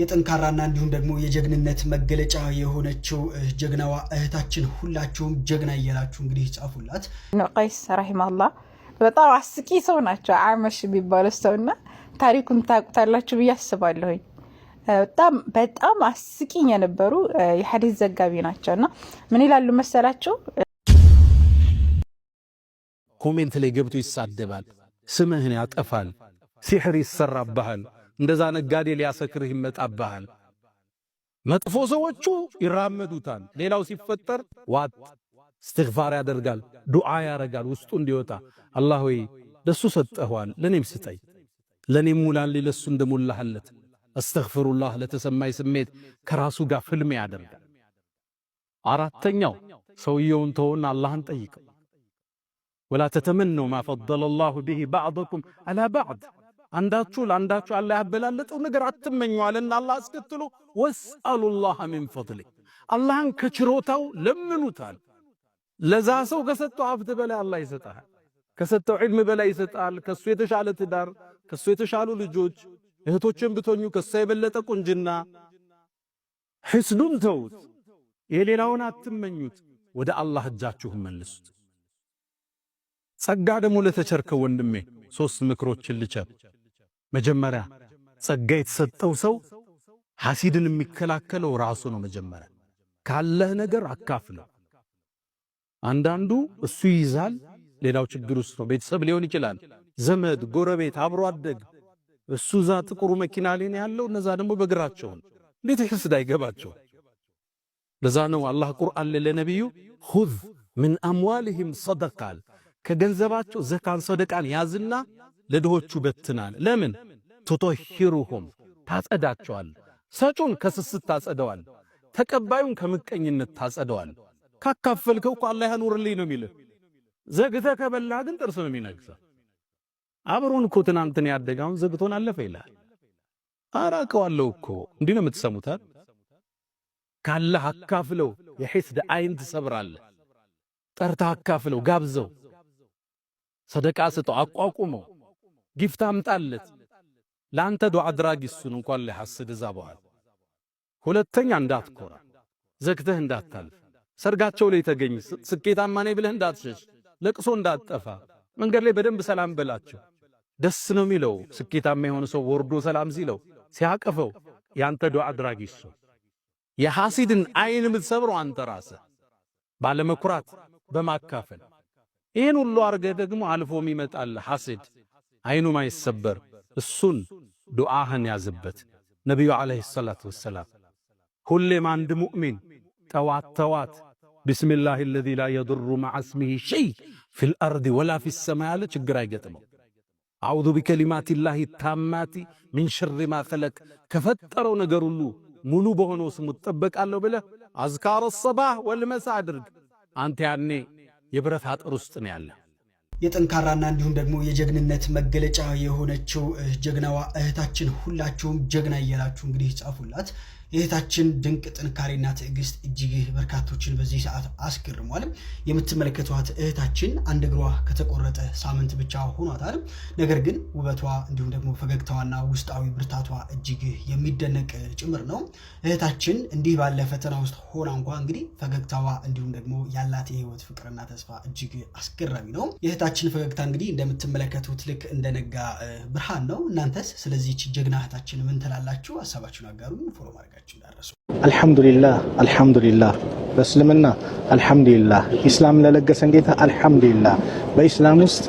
የጠንካራና እንዲሁም ደግሞ የጀግንነት መገለጫ የሆነችው ጀግናዋ እህታችን ሁላችሁም ጀግና እያላችሁ እንግዲህ ጻፉላት። ቀይስ ረሂማላህ በጣም አስቂ ሰው ናቸው። አመሽ የሚባለ ሰው እና ታሪኩን ታውቁታላችሁ ብዬ አስባለሁኝ። በጣም በጣም አስቂኝ የነበሩ የሀዲስ ዘጋቢ ናቸው እና ምን ይላሉ መሰላቸው? ኮሜንት ላይ ገብቶ ይሳደባል፣ ስምህን ያጠፋል፣ ሲሕር ይሰራብሃል እንደዛ ነጋዴ ሊያሰክርህ ይመጣብሃል። መጥፎ ሰዎቹ ይራመዱታል። ሌላው ሲፈጠር ዋጥ እስትግፋር ያደርጋል፣ ዱዓ ያረጋል። ውስጡ እንዲወጣ አላህ ሆይ ለሱ ሰጠኸዋል፣ ለኔም ስጠኝ፣ ለኔም ሙላልኝ፣ ለሱ እንደሞላህለት አስተግፍሩላህ። ለተሰማይ ስሜት ከራሱ ጋር ፍልም ያደርጋል። አራተኛው ሰውየውን ተወና አላህን ጠይቀው። ወላ ተተመነው ማ ፈደለ ላሁ ብሂ ባዕደኩም አላ ባዕድ አንዳችሁ ለአንዳችሁ አላህ ያበላለጠው ነገር አትመኙ አለና አላህ አስከትሎ ወስአሉላህ ሚን ፈድሊ አላህን ከችሮታው ለምኑታል። ለዛ ሰው ከሰጠው ሀብት በላይ አላህ ይሰጣል። ከሰጠው ዕልም በላይ ይሰጣል። ከሱ የተሻለ ትዳር፣ ከሱ የተሻሉ ልጆች፣ እህቶችን ብትኙ ከሱ የበለጠ ቁንጅና። ሕስዱን ተውት፣ የሌላውን አትመኙት። ወደ አላህ እጃችሁን መልሱት። ጸጋ ደግሞ ለተቸርከው ወንድሜ ሶስት ምክሮችን ልቸር መጀመሪያ ጸጋ የተሰጠው ሰው ሐሲድን የሚከላከለው ራሱ ነው። መጀመሪያ ካለህ ነገር አካፍለው። አንዳንዱ እሱ ይይዛል፣ ሌላው ችግር ውስጥ ነው። ቤተሰብ ሊሆን ይችላል፣ ዘመድ፣ ጎረቤት፣ አብሮ አደግ። እሱ ዛ ጥቁሩ መኪና ላይ ነው ያለው እነዛ ደግሞ በግራቸው ነው። እንዴት ይህስድ አይገባቸው። ለዛ ነው አላህ ቁርአን ለነቢዩ ሁዝ ምን አምዋልህም ሰደቃል ከገንዘባቸው ዘካን ሰደቃን ያዝና ለድሆቹ በትናል። ለምን ቱቶሂሩሁም ታጸዳቸዋል። ሰጩን ከስስት ታጸደዋል። ተቀባዩን ከምቀኝነት ታጸደዋል። ካካፈልከው እኮ አላህ ያኑርልኝ ነው የሚልህ። ዘግተ ከበላ ግን ጥርስ ነው የሚነግሰ። አብሮን እኮ ትናንትን ያደጋውን ዘግቶን አለፈ ይላል። አራቀዋለሁ እኮ እንዲህ ነው የምትሰሙታል። ካላህ አካፍለው፣ የሒስድ አይን ትሰብራለህ። ጠርታ አካፍለው፣ ጋብዘው፣ ሰደቃ ስጠው፣ አቋቁመው ጊፍት አምጣለት። ለአንተ ዱዓ አድራጊ እሱን እንኳን ሊሐስድ እዛ በኋላ ሁለተኛ እንዳትኮራ፣ ዘግተህ እንዳታልፍ፣ ሰርጋቸው ላይ ተገኝ፣ ስኬታማ ነኝ ብለህ እንዳትሸሽ፣ ለቅሶ እንዳትጠፋ፣ መንገድ ላይ በደንብ ሰላም በላቸው። ደስ ነው የሚለው ስኬታማ የሆነ ሰው ወርዶ ሰላም ሲለው ሲያቀፈው፣ ያንተ ዱዓ አድራጊ እሱ። የሐሲድን አይን የምትሰብረው አንተ ራስህ ባለመኩራት በማካፈል ይህን ሁሉ አርገህ ደግሞ አልፎ ይመጣል ሐሲድ አይኑ ማይሰበር እሱን ዱዓህን ያዝበት። ነቢዩ ዓለይሂ ሰላቱ ወሰላም ሁሌም አንድ ሙእሚን ጠዋት ተዋት ቢስሚላህ አለዚ ላ የዱሩ መዓ ስሚሂ ሸይ ፊል አርድ ወላ ፊ ሰማ ያለ ችግር አይገጥመው። አዑዙ ቢከሊማቲላሂ ታማቲ ሚን ሸሪ ማ ፈለቅ ከፈጠረው ነገር ሁሉ ሙሉ በሆነው ስሙ ትጠበቃለሁ ብለህ አዝካረ ሰባህ ወልመሳ አድርግ። አንተ ያኔ የብረት አጥር ውስጥ ነው ያለ የጠንካራና እንዲሁም ደግሞ የጀግንነት መገለጫ የሆነችው ጀግናዋ እህታችን ሁላችሁም ጀግና እያላችሁ እንግዲህ ጻፉላት። የእህታችን ድንቅ ጥንካሬና ትዕግስት እጅግ በርካቶችን በዚህ ሰዓት አስገርሟል። የምትመለከቷት እህታችን አንድ እግሯ ከተቆረጠ ሳምንት ብቻ ሆኗታል። ነገር ግን ውበቷ እንዲሁም ደግሞ ፈገግታዋና ውስጣዊ ብርታቷ እጅግ የሚደነቅ ጭምር ነው። እህታችን እንዲህ ባለ ፈተና ውስጥ ሆና እንኳ እንግዲህ ፈገግታዋ እንዲሁም ደግሞ ያላት የህይወት ፍቅርና ተስፋ እጅግ አስገራሚ ነው። የእህታችን ፈገግታ እንግዲህ እንደምትመለከቱት ልክ እንደነጋ ብርሃን ነው። እናንተስ ስለዚህች ጀግና እህታችን ምን ትላላችሁ? ሀሳባችሁን አጋሩ። ፎሎ ማድረጋችሁ እጃችን ደረሰው። አልሐምዱሊላህ አልሐምዱሊላህ በእስልምና አልሐምዱሊላህ ኢስላም ለለገሰ እንዴታ አልሐምዱሊላህ። በኢስላም ውስጥ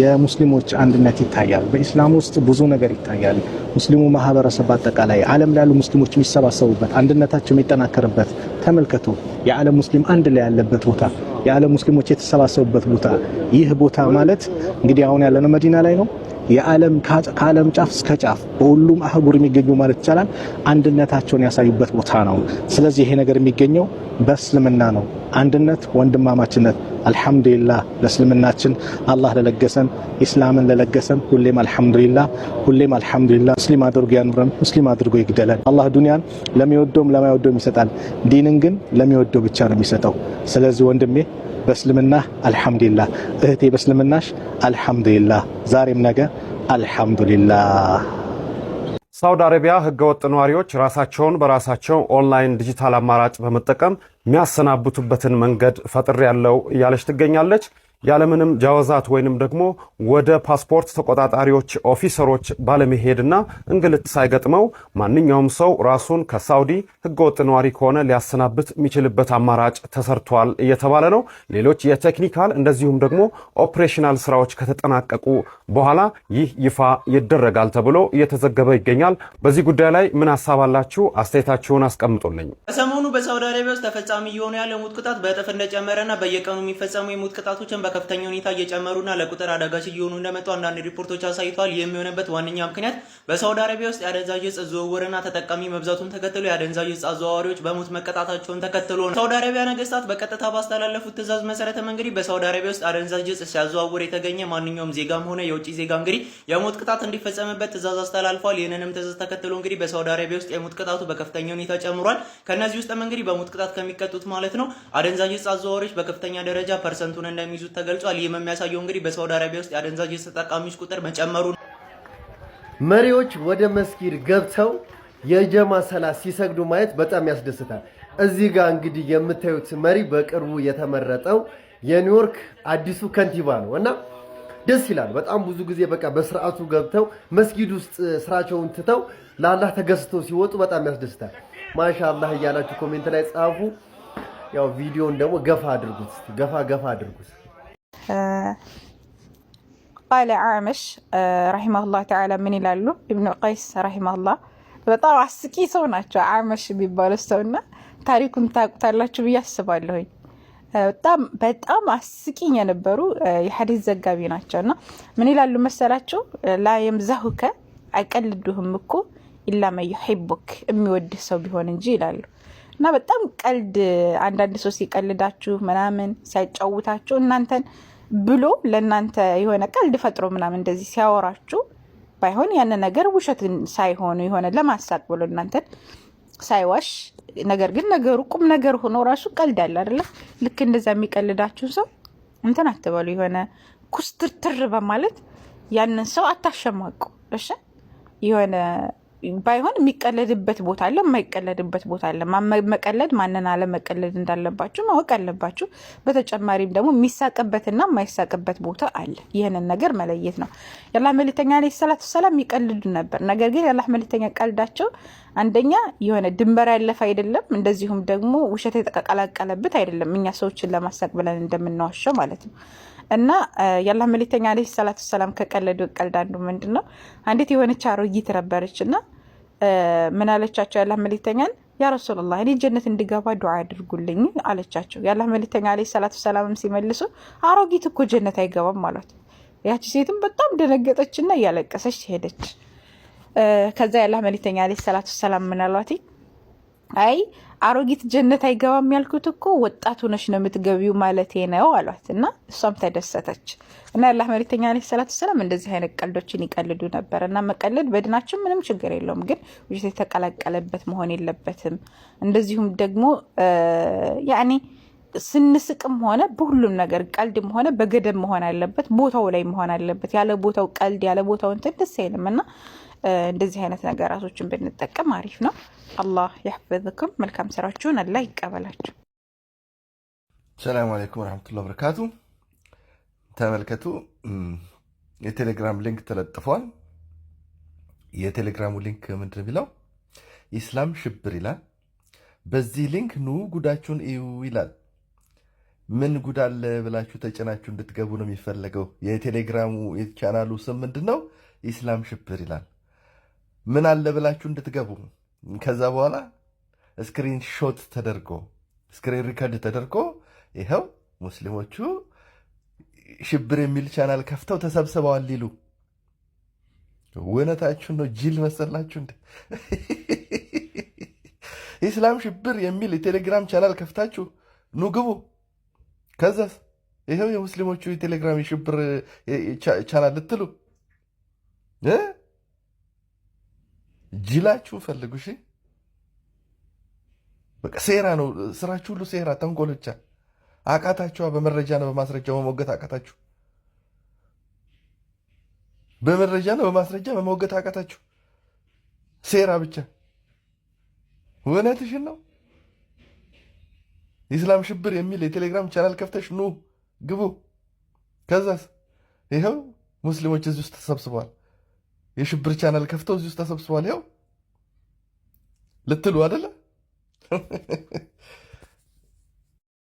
የሙስሊሞች አንድነት ይታያል። በኢስላም ውስጥ ብዙ ነገር ይታያል። ሙስሊሙ ማህበረሰብ አጠቃላይ ዓለም ላይ ያሉ ሙስሊሞች የሚሰባሰቡበት አንድነታቸው የሚጠናከርበት ተመልከቱ። የዓለም ሙስሊም አንድ ላይ ያለበት ቦታ፣ የዓለም ሙስሊሞች የተሰባሰቡበት ቦታ። ይህ ቦታ ማለት እንግዲህ አሁን ያለነው መዲና ላይ ነው። የዓለም ከዓለም ጫፍ እስከ ጫፍ በሁሉም አህጉር የሚገኙ ማለት ይቻላል አንድነታቸውን ያሳዩበት ቦታ ነው። ስለዚህ ይሄ ነገር የሚገኘው በእስልምና ነው። አንድነት፣ ወንድማማችነት። አልሐምዱሊላ ለእስልምናችን አላህ ለለገሰን ኢስላምን ለለገሰን ሁሌም አልሐምዱሊላ ሁሌም አልሐምዱሊላ። ሙስሊም አድርጎ ያኑረን፣ ሙስሊም አድርጎ ይግደለን። አላህ ዱንያን ለሚወደውም ለማይወደውም ይሰጣል። ዲንን ግን ለሚወደው ብቻ ነው የሚሰጠው። ስለዚህ ወንድሜ በእስልምና አልሐምዱሊላ እህቴ፣ በእስልምናሽ አልሐምዱሊላ፣ ዛሬም ነገ አልሐምዱሊላ። ሳውዲ አረቢያ ህገወጥ ነዋሪዎች ራሳቸውን በራሳቸው ኦንላይን ዲጂታል አማራጭ በመጠቀም የሚያሰናብቱበትን መንገድ ፈጥር ያለው እያለች ትገኛለች። ያለምንም ጃወዛት ወይንም ደግሞ ወደ ፓስፖርት ተቆጣጣሪዎች ኦፊሰሮች ባለመሄድና እንግልት ሳይገጥመው ማንኛውም ሰው ራሱን ከሳውዲ ህገወጥ ነዋሪ ከሆነ ሊያሰናብት የሚችልበት አማራጭ ተሰርቷል እየተባለ ነው። ሌሎች የቴክኒካል እንደዚሁም ደግሞ ኦፕሬሽናል ስራዎች ከተጠናቀቁ በኋላ ይህ ይፋ ይደረጋል ተብሎ እየተዘገበ ይገኛል። በዚህ ጉዳይ ላይ ምን ሀሳብ አላችሁ? አስተያየታችሁን አስቀምጡልኝ። ከሰሞኑ በሳውዲ አረቢያ ውስጥ ተፈጻሚ እየሆኑ ያለ የሞት ቅጣት በእጥፍ እንደጨመረና በየቀኑ የሚፈጸሙ የሞት ቅጣቶችን በከፍተኛ ሁኔታ እየጨመሩና ለቁጥር አዳጋች እየሆኑ እንደመጡ አንዳንድ ሪፖርቶች አሳይተዋል። ይህም የሆነበት ዋነኛ ምክንያት በሳውዲ አረቢያ ውስጥ የአደንዛዥ እጽ ዝውውርና ተጠቃሚ መብዛቱን ተከትሎ የአደንዛዥ እጽ አዘዋዋሪዎች በሞት መቀጣታቸውን ተከትሎ ነው። ሳውዲ አረቢያ ነገስታት በቀጥታ ባስተላለፉት ትዕዛዝ መሰረተ እንግዲህ በሳውዲ አረቢያ ውስጥ አደንዛዥ እጽ ሲያዘዋውር የተገኘ ማንኛውም ዜጋም ሆነ የውጭ ዜጋ እንግዲህ የሞት ቅጣት እንዲፈጸምበት ትዕዛዝ አስተላልፏል። ይህንንም ትዕዛዝ ተከትሎ እንግዲህ በሳውዲ አረቢያ ውስጥ የሞት ቅጣቱ በከፍተኛ ሁኔታ ጨምሯል። ከእነዚህ ውስጥም እንግዲህ በሞት ቅጣት ከሚቀጡት ማለት ነው አደንዛዥ እጽ አዘዋዋሪዎች በከፍተኛ ደረጃ ፐርሰንቱን እንደሚይዙት ተገልጿል። ይህም የሚያሳየው እንግዲህ በሳውዲ አረቢያ ውስጥ የአደንዛዥ ተጠቃሚዎች ቁጥር መጨመሩ ነው። መሪዎች ወደ መስጊድ ገብተው የጀማ ሰላት ሲሰግዱ ማየት በጣም ያስደስታል። እዚህ ጋር እንግዲህ የምታዩት መሪ በቅርቡ የተመረጠው የኒውዮርክ አዲሱ ከንቲባ ነው እና ደስ ይላል። በጣም ብዙ ጊዜ በቃ በስርዓቱ ገብተው መስጊድ ውስጥ ስራቸውን ትተው ለአላህ ተገዝተው ሲወጡ በጣም ያስደስታል። ማሻአላህ እያላችሁ ኮሜንት ላይ ጻፉ። ያው ቪዲዮን ደግሞ ገፋ አድርጉት፣ ገፋ ገፋ አድርጉት። ቃለ አዕመሽ ረሂማሁላህ ተዓላ ምን ይላሉ? ኢብኑ ቀይስ ረሂማሁላህ በጣም አስቂ ሰው ናቸው። አዕመሽ የሚባሉ ሰውና ታሪኩን ታውቁታላችሁ ብዬ አስባለሁኝ። በጣም በጣም አስቂኝ የነበሩ የሀዲስ ዘጋቢ ናቸው። እና ምን ይላሉ መሰላችሁ? ላ የምዛሁከ አይቀልዱህም እኮ ኢላ መን ዩሒቡክ የሚወድህ ሰው ቢሆን እንጂ ይላሉ። እና በጣም ቀልድ አንዳንድ ሰው ሲቀልዳችሁ ምናምን ሲያጫውታችሁ እናንተን ብሎ ለእናንተ የሆነ ቀልድ ፈጥሮ ምናምን እንደዚህ ሲያወራችሁ ባይሆን ያን ነገር ውሸት ሳይሆኑ የሆነ ለማሳቅ ብሎ እናንተን ሳይዋሽ ነገር ግን ነገሩ ቁም ነገር ሆኖ ራሱ ቀልድ አለ አይደለ? ልክ እንደዛ የሚቀልዳችሁ ሰው እንትን አትበሉ። የሆነ ኩስትርትር በማለት ያንን ሰው አታሸማቁ። እሺ የሆነ ባይሆን የሚቀለድበት ቦታ አለ፣ የማይቀለድበት ቦታ አለ። መቀለድ ማንን አለመቀለድ እንዳለባችሁ ማወቅ አለባችሁ። በተጨማሪም ደግሞ የሚሳቅበትና የማይሳቅበት ቦታ አለ። ይህንን ነገር መለየት ነው። የአላህ መልእክተኛ ዓለይሂ ሰላቱ ሰላም ይቀልዱ ነበር። ነገር ግን የአላህ መልእክተኛ ቀልዳቸው አንደኛ የሆነ ድንበር ያለፈ አይደለም፣ እንደዚሁም ደግሞ ውሸት የተቀላቀለበት አይደለም። እኛ ሰዎችን ለማሳቅ ብለን እንደምናዋሸው ማለት ነው። እና የአላህ መልእክተኛ ዓለይሂ ሰላቱ ሰላም ከቀለዱ ቀልድ አንዱ ምንድን ነው? አንዲት የሆነች አሮጊት ነበረች እና ምን አለቻቸው? ያላህ መልክተኛን ያ ረሱላላህ እኔ ጀነት እንድገባ ዱዓ አድርጉልኝ አለቻቸው። ያላህ መልክተኛ አለይሂ ሰላቱ ሰላምም ሲመልሱ አሮጊት እኮ ጀነት አይገባም ማለት። ያቺ ሴትም በጣም ደነገጠችና እያለቀሰች ሄደች። ከዛ ያላህ መልክተኛ አለይሂ ሰላቱ ሰላም ምን አይ አሮጊት ጀነት አይገባም ያልኩት እኮ ወጣቱ ነሽ ነው የምትገቢው ማለቴ ነው አሏት እና እሷም ተደሰተች። እና ያላህ መልክተኛ ዓለይሂ ሰላቱ ወሰላም እንደዚህ አይነት ቀልዶችን ይቀልዱ ነበር። እና መቀለድ በድናችን ምንም ችግር የለውም፣ ግን ውሸት የተቀላቀለበት መሆን የለበትም። እንደዚሁም ደግሞ ያኔ ስንስቅም ሆነ በሁሉም ነገር ቀልድም ሆነ በገደብ መሆን አለበት፣ ቦታው ላይ መሆን አለበት። ያለ ቦታው ቀልድ ያለ ቦታው እንትን ደስ አይልም እና እንደዚህ አይነት ነገራቶችን ብንጠቀም አሪፍ ነው። አላህ ያህፍዝኩም፣ መልካም ስራችሁን አላህ ይቀበላችሁ። ሰላም አለይኩም ወረሕመቱላሂ በረካቱ። ተመልከቱ፣ የቴሌግራም ሊንክ ተለጥፏል። የቴሌግራሙ ሊንክ ምንድን የሚለው ኢስላም ሽብር ይላል። በዚህ ሊንክ ኑ ጉዳችሁን እዩ ይላል። ምን ጉድ አለ ብላችሁ ተጭናችሁ እንድትገቡ ነው የሚፈለገው። የቴሌግራሙ የቻናሉ ስም ምንድን ነው? ኢስላም ሽብር ይላል። ምን አለ ብላችሁ እንድትገቡ ከዛ በኋላ ስክሪን ሾት ተደርጎ ስክሪን ሪከርድ ተደርጎ ይኸው ሙስሊሞቹ ሽብር የሚል ቻናል ከፍተው ተሰብስበዋል ይሉ እውነታችሁን ነው። ጅል መሰላችሁ እንደ ኢስላም ሽብር የሚል የቴሌግራም ቻናል ከፍታችሁ ኑ ግቡ። ከዛስ ይኸው የሙስሊሞቹ የቴሌግራም የሽብር ቻናል ልትሉ ዲላችሁ ፈልጉ። እሺ በቃ ሴራ ነው ስራችሁ፣ ሁሉ ሴራ፣ ተንኮል ብቻ። አቃታችኋ። በመረጃ ነው በማስረጃ መሞገት አቃታችሁ። በመረጃ ነው በማስረጃ መሞገት አቃታችሁ። ሴራ ብቻ። እውነትሽን ነው። ኢስላም ሽብር የሚል የቴሌግራም ቻናል ከፍተሽ ኑ ግቡ። ከዛስ ይኸው ሙስሊሞች እዚህ ውስጥ ተሰብስበዋል። የሽብር ቻናል ከፍተው እዚህ ውስጥ ተሰብስበዋል። ይኸው ልትሉ አደለም